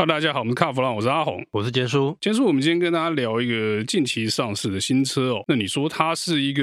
哈嘍，大家好，我們是卡弗朗，我是阿紅，我是傑叔。傑叔，我們今天跟大家聊一個近期上市的新車哦。那你說它是一個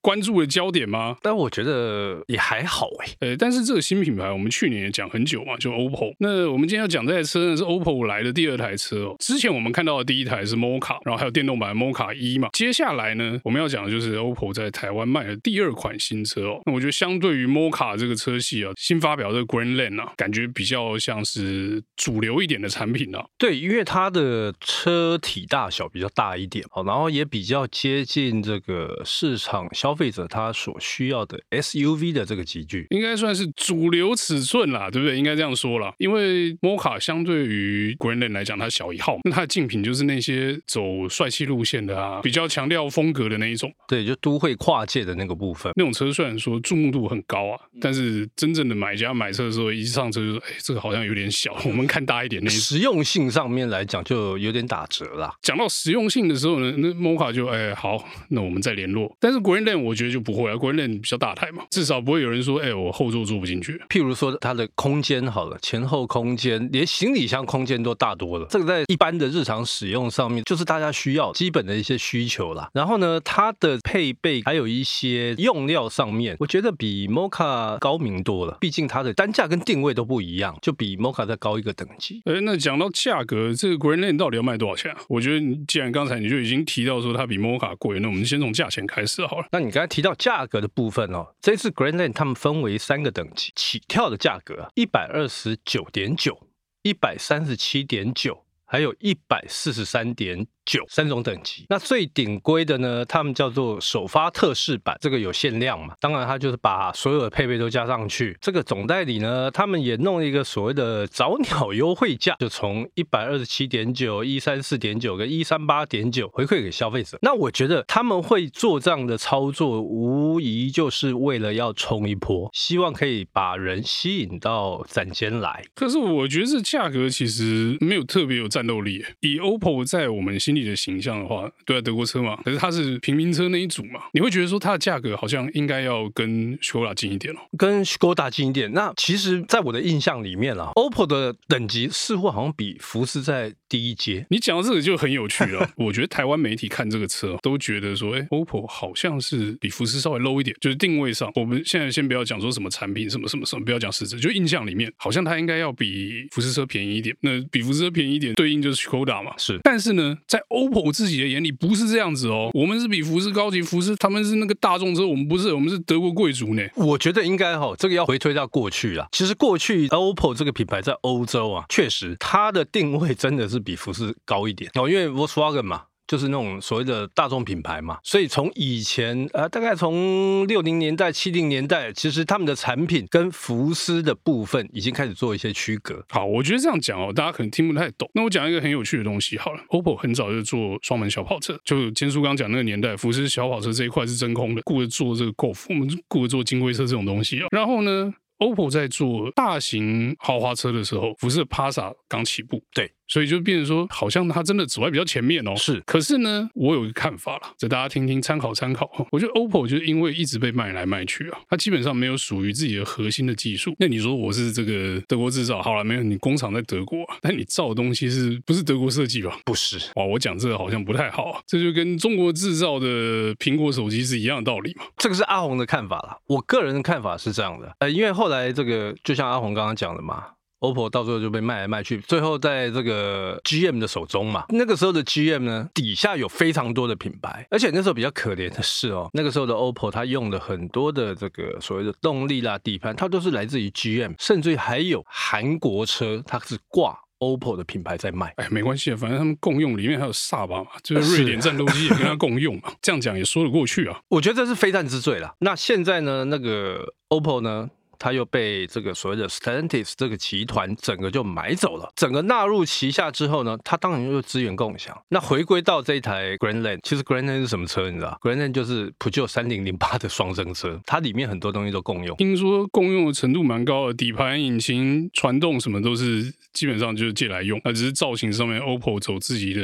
關注的焦點嗎？但我覺得也還好誒。呃，但是這個新品牌，我們去年也講很久嘛，就 Opel。那我們今天要講這台車呢，是 Opel 來的第二台車哦。之前我們看到的第一台是 Mokka，然後還有電動版 Mokka 一嘛。接下來呢，我們要講的就是 Opel 在台灣賣的第二款新車哦。那我覺得相對於 Mokka 這個車系啊，新發表的 Grandland 啊，感覺比較像是主流。有一點的產品呢，對，因為它的車體大小比較大一點哦，然後也比較接近這個市場消費者他所需要的 SUV 的這個級距。應該算是主流尺寸啦，對不對？應該這樣說啦。因為摩卡相對於 Grandland 來講，它小一號，那它的競品就是那些走帥氣路線的啊，比較強調風格的那一種，對，就都會跨界的那個部分，那種車雖然說注目度很高啊，但是真正的買家買車的時候，一上車就說，哎，這個好像有點小，我們看大，一點實用性上面來講就有點打折了。講到實用性的時候呢，那 Moka 就哎，好，那我們再聯絡。但是 Grandland 我覺得就不會啊，Grandland 比較大台嘛，至少不會有人說，哎，我後座坐不進去。譬如說它的空間好了，前後空間連行李箱空間都大多了。這個在一般的日常使用上面，就是大家需要基本的一些需求啦。然後呢，它的配備還有一些用料上面，我覺得比 Moka 高明多了。畢竟它的單價跟定位都不一樣，就比 Moka 再高一個等。哎，那講到價格，這個 Grandland 到底要賣多少錢啊？我覺得你既然剛才你就已經提到說它比 Mokka 貴，那我們先從價錢開始好了。那你剛才提到價格的部分哦，這次 Grandland 它們分為三個等級，起跳的價格一百二十九點九、一百三十七點九，還有一百四十三點九。九三種等級，那最頂規的呢？他們叫做首發特仕版，這個有限量嘛。當然，他就是把所有的配備都加上去。這個總代理呢，他們也弄了一個所謂的早鳥優惠價，就從一百二十七點九、一三四點九跟一三八點九回饋給消費者。那我覺得他們會做這樣的操作，無疑就是為了要衝一波，希望可以把人吸引到展間來。可是我覺得這價格其實沒有特別有戰鬥力。以 OPEL 在我們心裡。你的形象的話，對啊，德國車嘛，可是它是平民車那一組嘛，你會覺得說它的價格好像應該要跟 Skoda 近一點嘍、哦，跟 Skoda 近一點。那其實，在我的印象裡面啦、啊、，Opel 的等級似乎好像比福斯在低一階。你講到這個就很有趣了。 我覺得台灣媒體看這個車都覺得說，哎、欸、，Opel 好像是比福斯稍微 low 一點，就是定位上。我們現在先不要講說什麼產品什麼什麼什麼，什麼，不要講實質，就印象裡面好像它應該要比福斯車便宜一點。那比福斯車便宜一點，對應就是 Skoda 嘛，是。但是呢，在 Opel 自己的眼裡不是這樣子哦，我們是比福斯高級，福斯他們是那個大眾車，我們不是，我們是德國貴族呢。我覺得應該哈、哦，這個要回推到過去了。其實過去 Opel 這個品牌在歐洲啊，確實它的定位真的是比福斯高一點哦，因為 Volkswagen 嘛。就是那種所謂的大眾品牌嘛，所以從以前呃，大概從六零年代、七零年代，其實他們的產品跟福斯的部分已經開始做一些區隔。好，我覺得這樣講哦，大家可能聽不太懂。那我講一個很有趣的東西好了，Opel 很早就做雙門小跑車，就前述剛剛講那個年代，福斯小跑車這一塊是真空的，顧着做這個 Golf，我們顧着做金龜車這種東西。然後呢，Opel 在做大型豪華車的時候，福斯 Passat 剛起步。對。所以就變成說，好像它真的走在比較前面哦。是，可是呢，我有一個看法了，這大家聽聽參考參考。我覺得 Opel 就是因為一直被賣來賣去啊，它基本上沒有屬於自己的核心的技術。那你說我是這個德國製造，好了，沒有你工廠在德國，但你造的東西是不是德國設計吧？不是。哇，我講這個好像不太好，啊，這就跟中國製造的蘋果手機是一樣的道理嘛。這個是阿紅的看法了，我個人的看法是這樣的，呃、欸，因為後來這個就像阿紅剛剛講的嘛。Opel 到最後就被賣來賣去，最後在這個 GM 的手中嘛。那個時候的 GM 呢，底下有非常多的品牌，而且那時候比較可憐的是哦，那個時候的 Opel 它用了很多的這個所謂的動力啦、底盤，它都是來自於 GM，甚至還有韓國車，它是掛 Opel 的品牌在賣。哎，沒關係，反正他們共用，裡面還有 Saab 嘛，就是瑞典戰鬥機也跟他共用嘛，啊、 這樣講也說得過去啊。我覺得這是非戰之罪了。那現在呢，那個 Opel 呢？他又被這個所謂的 Stellantis 這個集團整個就買走了，整個納入旗下之後呢，他當然就資源共享。那回歸到這一台 Grandland，其實 Grandland 是什麼車？你知道，Grandland 就是 PEUGEOT 3008的雙生車，它裡面很多東西都共用。聽說共用的程度蠻高的，底盤、引擎、傳動什麼都是基本上就是借來用，而只是造型上面 OPEL 走自己的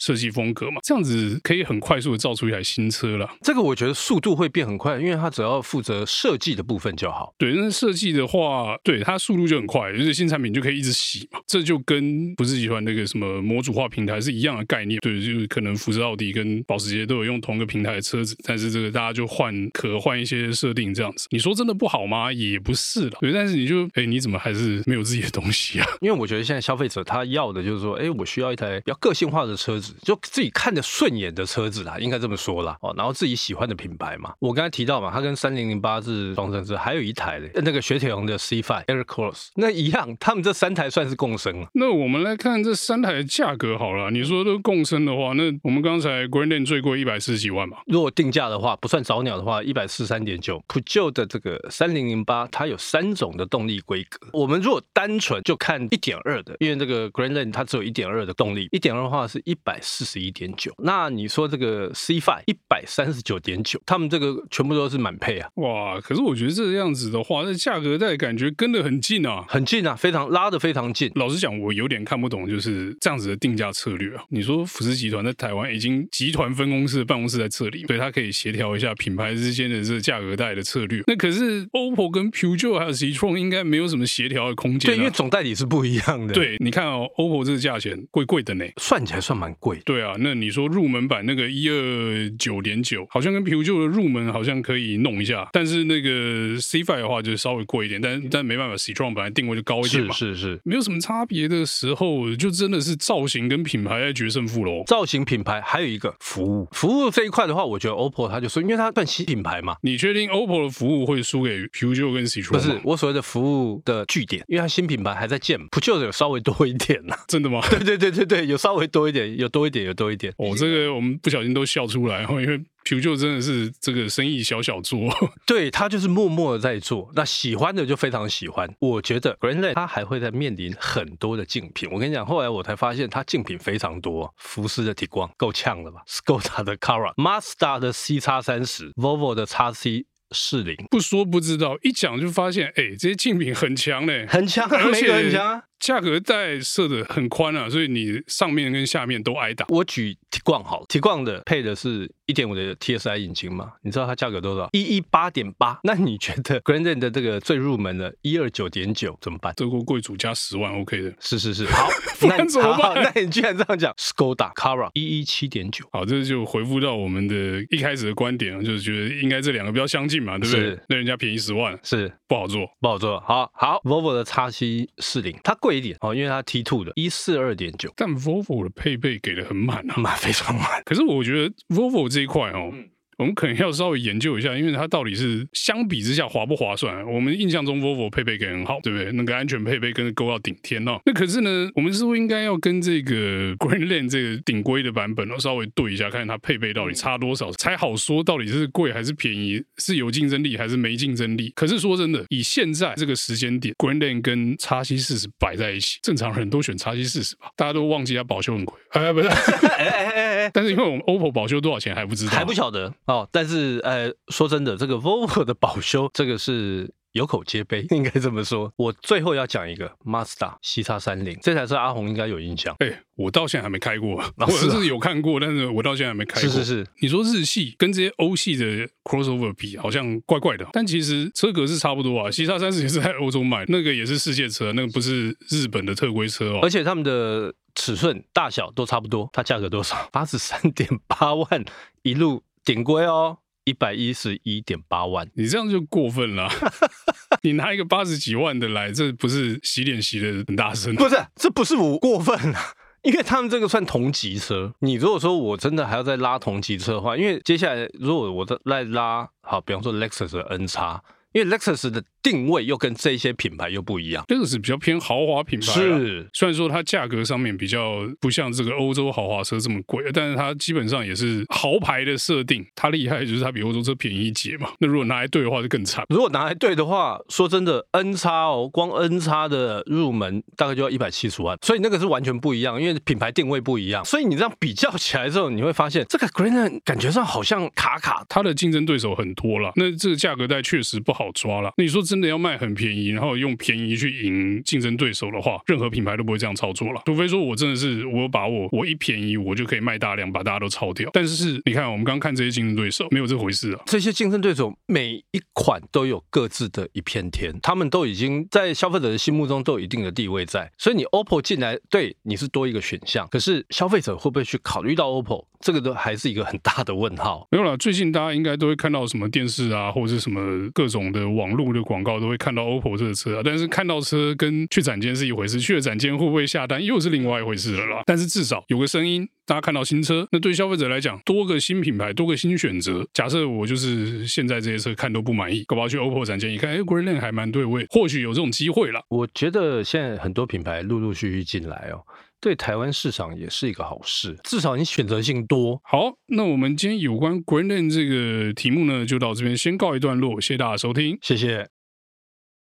設計風格嘛。這樣子可以很快速的造出一台新車了。這個我覺得速度會變很快，因為他只要負責設計的部分就好。對，但是。設計的話，對它，速度就很快，就是新產品就可以一直洗嘛，這就跟福斯集團那個什麼模組化平台是一樣的概念。對，就是可能福斯奧迪跟保時捷都有用同個平台的車子，但是這個大家就換殼換一些設定這樣子。你說真的不好嗎？也不是啦。對。但是你就，哎，你怎麼還是沒有自己的東西啊？因為我覺得現在消費者他要的就是說，哎，我需要一台比較個性化的車子，就自己看着順眼的車子啦，應該這麼說啦。哦，然後自己喜歡的品牌嘛。我剛才提到嘛，它跟三零零八是雙生車，還有一台咧。那個雪鐵龍的 C5 Aircross 那一樣，他們這三台算是共生了。那我們來看這三台的價格好了。你說都共生的話，那我們剛才 Grandland 最貴一百四十幾萬嘛。如果定價的話，不算早鳥的話，一百四十三點九。Peugeot 的這個三零零八，它有三種的動力規格。我們如果單純就看一點二的，因為這個 Grandland 它只有一點二的動力。一點二的話是一百四十一點九。那你說這個 C5 一百三十九點九，他們這個全部都是滿配啊。哇，可是我覺得這樣子的話，那價格帶感覺跟得很近啊，很近啊，非常拉得非常近。老實講，我有點看不懂就是這樣子的定價策略啊。你說福斯集團在台灣已經集團分公司辦公室在這裡，所以它可以協調一下品牌之間的這個價格帶的策略。那可是 Opel 跟 Peugeot 還有 Citroën 應該沒有什麼協調的空間。啊，對，因為總代理是不一樣的。對，你看哦，Opel 這個價錢貴貴的呢，算起來算蠻貴。對啊，那你說入門版那個一二九點九，好像跟 Peugeot 的入門好像可以弄一下，但是那個 C5 的話就是。稍微貴一點，但但沒辦法 s t r o n 本來定位就高一點是是是，沒有什麼差別的時候，就真的是造型跟品牌在決勝負嘍。造型、品牌，還有一個服務。服務這一塊的話，我覺得 OPPO 它就說，因為它算新品牌嘛。你確定 OPPO 的服務會輸給 Pro 就跟 Ctron？不是，我所謂的服務的據點，因為它新品牌還在建嘛。p r 有稍微多一點呢、啊。真的嗎？ 對對對對對，有稍微多一點，有多一點，有多一點。哦，這個我們不小心都笑出來，因為。Q 就真的是這個生意小小做， 對他就是默默的在做。那喜歡的就非常喜歡。我覺得 Grandland 他還會在面臨很多的競品。我跟你講，後來我才發現他競品非常多，福斯的 Tiguan 夠嗆了吧？Skoda 的 Karoq，Mazda 的 CX-30，Volvo 的 XC40，不說不知道，一講就發現，哎、欸，這些競品很強嘞，很強，沒有很強、啊。價格帶設的很寬啊，所以你上面跟下面都挨打。我舉 Tiguan 好，Tiguan 的配的是一點五的 T S I 引擎嘛？你知道它價格多少？一一八點八。那你覺得 Grandland 的這個最入門的一二九點九怎麼辦？德國貴族加十萬 okay 的是是是，好難做吧？那你居然這樣講？Skoda Karoq 一一七點九。好，這就回復到我們的一開始的觀點啊，就是覺得應該這兩個比較相近嘛，對不對？是那人家便宜十萬，是不好做，不好做。好好 Volvo 的 XC40，它。貴一點哦，因為它 T2 的，一四二點九，但 Volvo 的配備給的很滿啊，滿非常滿。可是我覺得 Volvo 這一塊哦、嗯。我們可能要稍微研究一下，因為它到底是相比之下划不划算，啊？我們印象中 Volvo 配備給很好，對不對？那個安全配備跟 GO 要頂天了，哦。那可是呢，我們是不是應該要跟這個 Grandland 這個頂規的版本呢，哦、稍微對一下，看它配備到底差多少，嗯，才好說到底是貴還是便宜，是有競爭力還是沒競爭力？可是說真的，以現在這個時間點，Grandland 跟 XC40 擺在一起，正常人都選 XC40 吧？大家都忘記它保修很貴，哎，不是，哎哎哎哎，但是因為我們 OPEL 保修多少錢還不知道，啊，還不曉得。哦，但是呃，說真的，這個 Volvo 的保修，這個是有口皆碑。應該這麼說，我最後要講一個 Mazda CX30, 這台車阿紅應該有印象。哎、欸，我到現在還沒開過，哦是啊、我是有看過，但是我到現在還沒開過。是是是，你說日系跟這些歐系的 crossover 比，好像怪怪的，但其實車格是差不多啊。CX30 也是在歐洲賣，那個也是世界車，那個不是日本的特規車哦。而且他們的尺寸大小都差不多，它價格多少？八十三點八萬一路。頂規哦，一百一十一點八萬，你這樣就過分了。 你拿一個八十幾萬的來，這不是洗臉洗的很大聲？不是，這不是我過分啊， 因為他們這個算同級車。你如果說我真的還要再拉同級車的話，因為接下來如果我再再拉，好，比方說 Lexus 的 NX，因為 Lexus 的定位又跟這些品牌又不一樣，這個是比較偏豪華品牌。是，雖然說它價格上面比較不像這個歐洲豪華車這麼貴，但是它基本上也是豪牌的設定。它厲害就是它比歐洲車便宜一截嘛。那如果拿來對的話就更慘。如果拿來對的話，說真的，NX 哦，光 NX 的入門大概就要一百七十萬，所以那個是完全不一樣，因為品牌定位不一樣。所以你這樣比較起來之後，你會發現這個 Grandland 感覺上好像卡卡的，它的競爭對手很多了。那這個價格帶確實不好抓了。那你說真。真的要賣很便宜，然後用便宜去贏競爭對手的話，任何品牌都不會這樣操作了。除非說，我真的是我有把握，我我一便宜，我就可以賣大量，把大家都抄掉。但是，是你看，我們剛看這些競爭對手，沒有這回事啊。這些競爭對手每一款都有各自的一片天，他們都已經在消費者的心目中都有一定的地位在。所以，你 OPEL 進來，對你是多一個選項。可是，消費者會不會去考慮到 OPEL，這個都還是一個很大的問號。沒有了，最近大家應該都會看到什麼電視啊，或者是什麼各種的網絡的廣。高都會看到 Opel 這個車啊，但是看到車跟去展間是一回事，去了展間會不會下單又是另外一回事了啦。但是至少有個聲音，大家看到新車，那對消費者來講，多個新品牌，多個新選擇。假設我就是現在這些車看都不滿意，搞不好去 Opel 展間一看，哎，Grandland 還蠻對味，或許有這種機會啦。我覺得現在很多品牌陸陸續續進來哦，對台灣市場也是一個好事，至少你選擇性多。好，那我們今天有關 Grandland 這個題目呢，就到這邊先告一段落，謝謝大家收聽，謝謝。